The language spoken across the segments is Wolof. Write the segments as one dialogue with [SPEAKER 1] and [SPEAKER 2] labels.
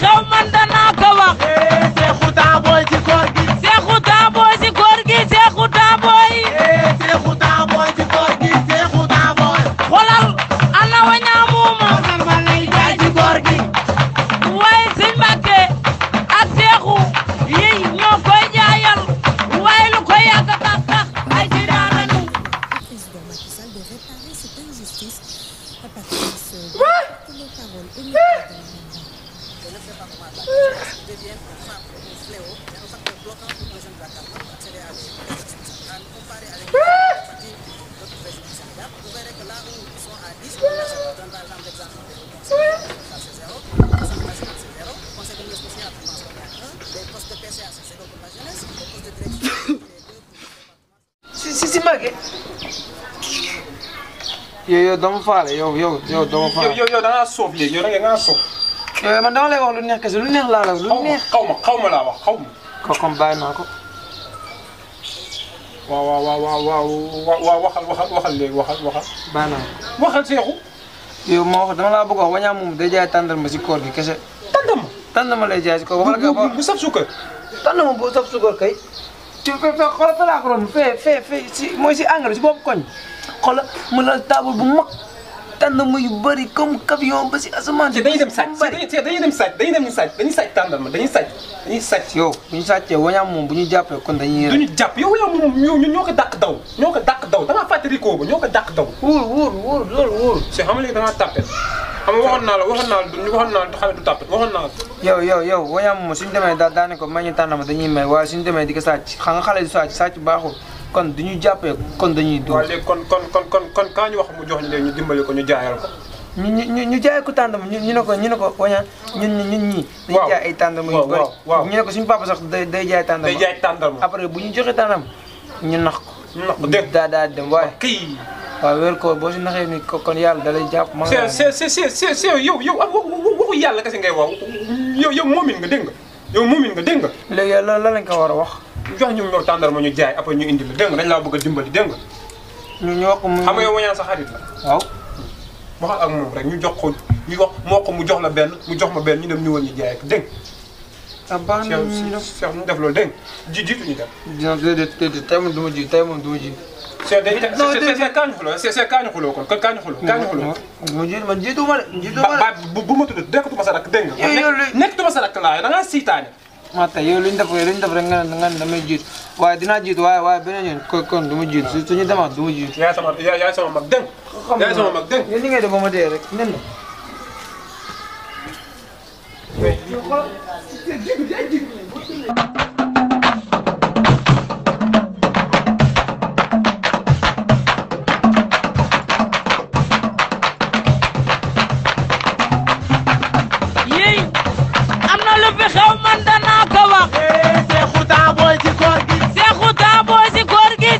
[SPEAKER 1] xew man danaa ko wax. Eh, Seexu Taaboy ci koor gi. Seexu Taaboy ci koor gi Seexu Taaboy. Eh, Seexu Taaboy ci koor gi Seexu Taaboy. xoolal ana wa ñaamuuma. xoolal ma lay jaay ci koor gi. waaye sëñ Mbàkke ak Seexu yi ñoo koy jaayal waaye lu koy yàgg a tax tax ay ci daanañu. Macky Sall si si màggee.
[SPEAKER 2] yow yow dama faale yow yow yow dama faale. yow yow da ngaa soof léegi yow da ngaa soof. Euh, man dama lay wax lu neex kese lu neex laa la wax. lu neex xaw ma xaw ma laa wax xaw ma. kooku comme bàyyi naa ko. waaw waaw waaw waaw waaw waxal waxal waxal léegi waxal waxal. bàyyi naa ko. waxal seexu. yow ma wax dama laa bëgg wax wañaa moom day jaay tàndarma si koor gi kese. tàndarma tàndarma lay jaay si koor waxal. bu bu bu saf suukar. tàndarma bu saf suukar kay. ci fe fe xoolal fa laa ko doon fee fee fee si mooy si engrais si boobu koñ. xoolal mu la table bu mag. tàndama yu bëri comme camion ba si asamaan. te dañuy dem sàcc dañuy dem sàcc dañuy dem sàcc dañuy sàcc tàndama dañuy sàcc dañuy sàcc. yow bu ñu sàccee moom bu ñu jàppee kon dañuy. jàpp yow yow moom ñoo ñoo ko dàq daw ñoo ko dàq daw damaa fàtte rikoo ba ko dàq daw. wóor wóor wóor loolu wóor. si xam nga léegi damaa tàppe xam nga waxoon naa la waxoon naa la waxoon naa la xale du tàppe waxoon naa la. yow yow may dañuy may waaye suñu demee di ko sàcc xam nga xale du sàcc baaxul kon du ñu jàppee kon dañuy. dugg waaw kon kon kon kon kon kaa ñu wax mu jox ñu léegi ñu dimbali ko ñu jaayal ko. ñu ñu ñu jaay ko tàndam ñu ñu ne ko ñu ne ko wañaan ñun ñun ñii. waaw dañuy jaay ay tàndam yu bëri ñu ne ko suñu papa sax day day jaay tàndam. day jaay tàndam après bu ñu joxee tàndam ñu nax ko. nax ko dégg daa daa dem waaye. kii waaw wér ko boo si naxee ni kon yàlla da lay jàpp. ma nga se se se se yow yow waxu yàlla kese ngay wax yow yow moomin nga dégg nga yow moomin nga dégg nga. léegi lañ ko war a wax jox ñu ñor tàndarma ñu jaay après ñu indi la dégg nga dañ laa bëgg a dimbali dégg nga. ñu ñoo ko mu xam nga sa xarit la. waaw waxal ak moom rek ñu jox ko ñu wax moo ko mu jox la benn mu jox ma benn ñu dem ñu wër ñu jaay ko ah, na ñu def Cheikh ñu def loolu dégg nga ji moom du ma ji tey moom du ma ji. Cheikh dañuy teg c'est kaañu xuloo c'est kaañu xuloo ko kon kaañu xuloo. kaañu xuloo ma jiitu ma de. jiitu ma de bu ma tudd nekkatuma sa rakk dégg nga. nekkatuma sa rakk laa da siitaane ma tey yow li ñu def lu ñu def rek nga ne nga ne damay jiitu waaye dinaa jiitu waaye waaye beneen yoon kon kon du ma jiitu su suñu demaat du ma jiitu. yaay sama yaay sama mag dégg nga. yaay sama mag dégg nga. yéen li ngay rek nen
[SPEAKER 1] yow man danaa ko wax. Eh, Seexu Taaboy ci koor gi. gi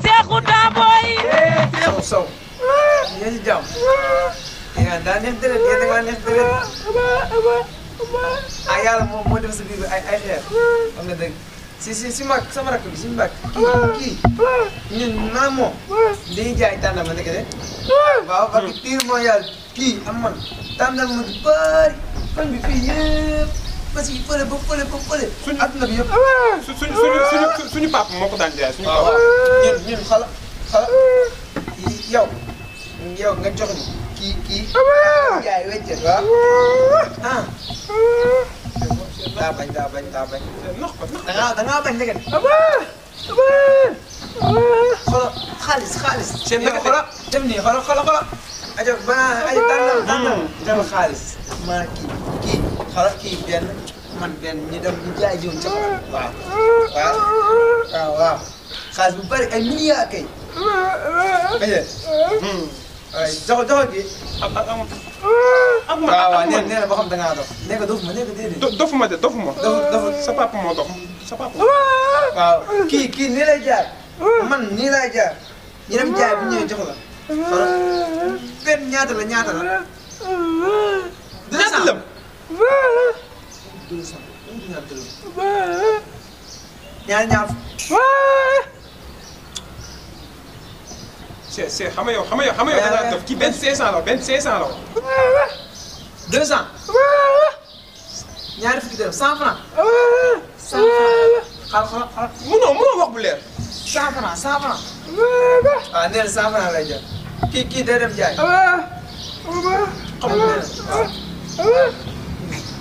[SPEAKER 1] Seexu Taaboy. Eh, Seexu Sow. yaa ngi ci jàmm.
[SPEAKER 2] yaa eh, daa neex dërët yaa da ngaa neex dërët. ah sa biir ay si si kii kii ñun maa moom. dañuy jaay tànnama nekk de. waaw parce que pire mooy yàlla kii am man tànnal ma du bëri bi fii yëpp. parce que fële ba fële ba fële. suñu adduna bi yëpp. Ah ah suñu suñu suñu suñu papa moo ko daan jaay suñu ah papa. ñun ñun xala xala yow yow nga jox ni kii kii. jaay weccet waaw ah. daa bañ daa bañ daa bañ. ndax dangaa dangaa bañ ndeket. xoolal xaalis xaalis. seen ndeket xoolal dem nii xoolal xoolal xoolal. ajo banaan ajo tànnal tànnal. Hmm. jël xaalis. maa kii kii. xoolal kii benn man benn ñu dem ñu jaay jiwoon ca xoolal waaw waaw waaw waaw xaalis bu bari ay milliards kay. waaye hmm. joxo joxo gi am am am ma waaw waaw nee na nee na boo xam da ngaa dof nee nga dofuma nee nga déedéet. dofuma de dofuma. dof sa papa moo dof sa papa. waaw kii kii nii lay jaar man nii lay jaar
[SPEAKER 1] ñu dem jaay bu ñëwee jox
[SPEAKER 2] la xoolal benn ñaata la ñaata la. deux cent ñaar ñaar. c'est c'est xam nga yow xam nga yow xam nga yow da ngaa def kii benn 500 la benn 500 la woon. 200. ñaari fukki dërëm 100 francs. 100 francs. xaaral xaaral munoo munoo wax bu leer. 100 francs 100 francs. ah nee na 100 francs lay jël. kii kii day dem jaay. xam nga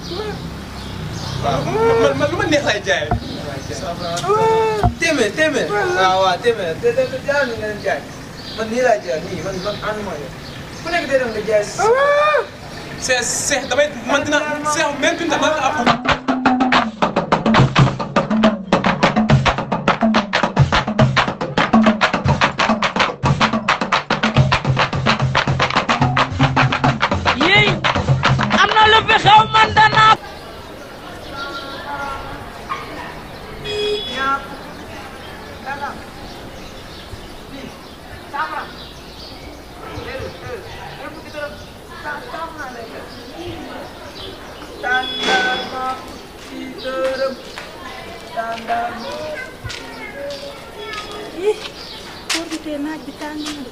[SPEAKER 2] waaw man man lu ma neex lay jaayee. téeméer téeméer. waaw waaw téeméer téeméer jaay nañu leen jaay man nii laay jaay nii man man ànd maa yor ku nekk day dem nga jaay. Ah! Seex Seex damay man dina Seex même Binta maa ngi
[SPEAKER 1] tey naaj bi tàng na de.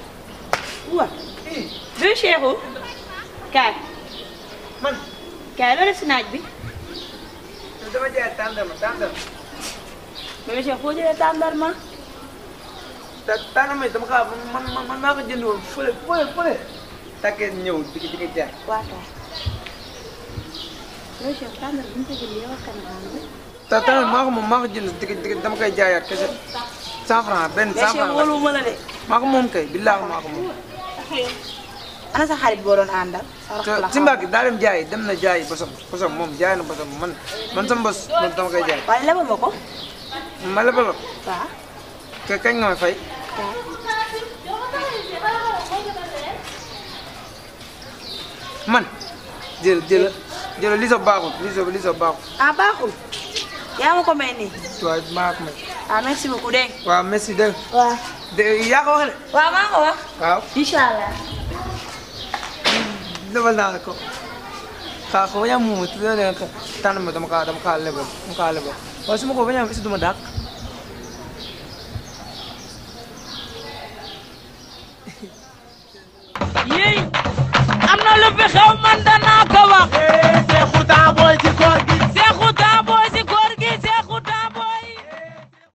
[SPEAKER 1] waaw. du man. Kaay loolu si naaj bi. dama jaay tàndarma tàndarma. bébé Cheikh foo jëlee tàndarma.
[SPEAKER 2] ta tàndarma dama xaar man man man maa ko jënd woon fële fële fële. takkee ñëw di di di jaay. waaw kay. bébé Cheikh tàndarma bi ñu ko jëndee yow ak kan maa ko jënd maa ko moom maa ko jënd dama koy jaayaat kese. cent franc benn cent franc wóolu ma la de. maa ko moom kay billaahi maa ko moom.
[SPEAKER 1] ana sa xarit boo doon àndal. si Mbacke
[SPEAKER 2] daa dem jaayi dem na jaay bosam bosam moom jaay na bosam man man sama bos moom dama koy jaay. waaye lebal ma ko. ma lebal ko. fay. man. jël jël jël li sa baaxul li sa li
[SPEAKER 1] ah, yaa ma ko
[SPEAKER 2] victoire bi maa ko may.
[SPEAKER 1] ah merci beaucoup dégg
[SPEAKER 2] nga. waaw merci dégg nga. waaw. dégg yaa ko
[SPEAKER 1] allah.
[SPEAKER 2] lebal naa ko. kaa ko bañ a muum te kaa dama kaa lebal dama kaa lebal waaye su ma ko a am est-ce du ma dàq.
[SPEAKER 1] am na lu fi xew man danaa ko wax.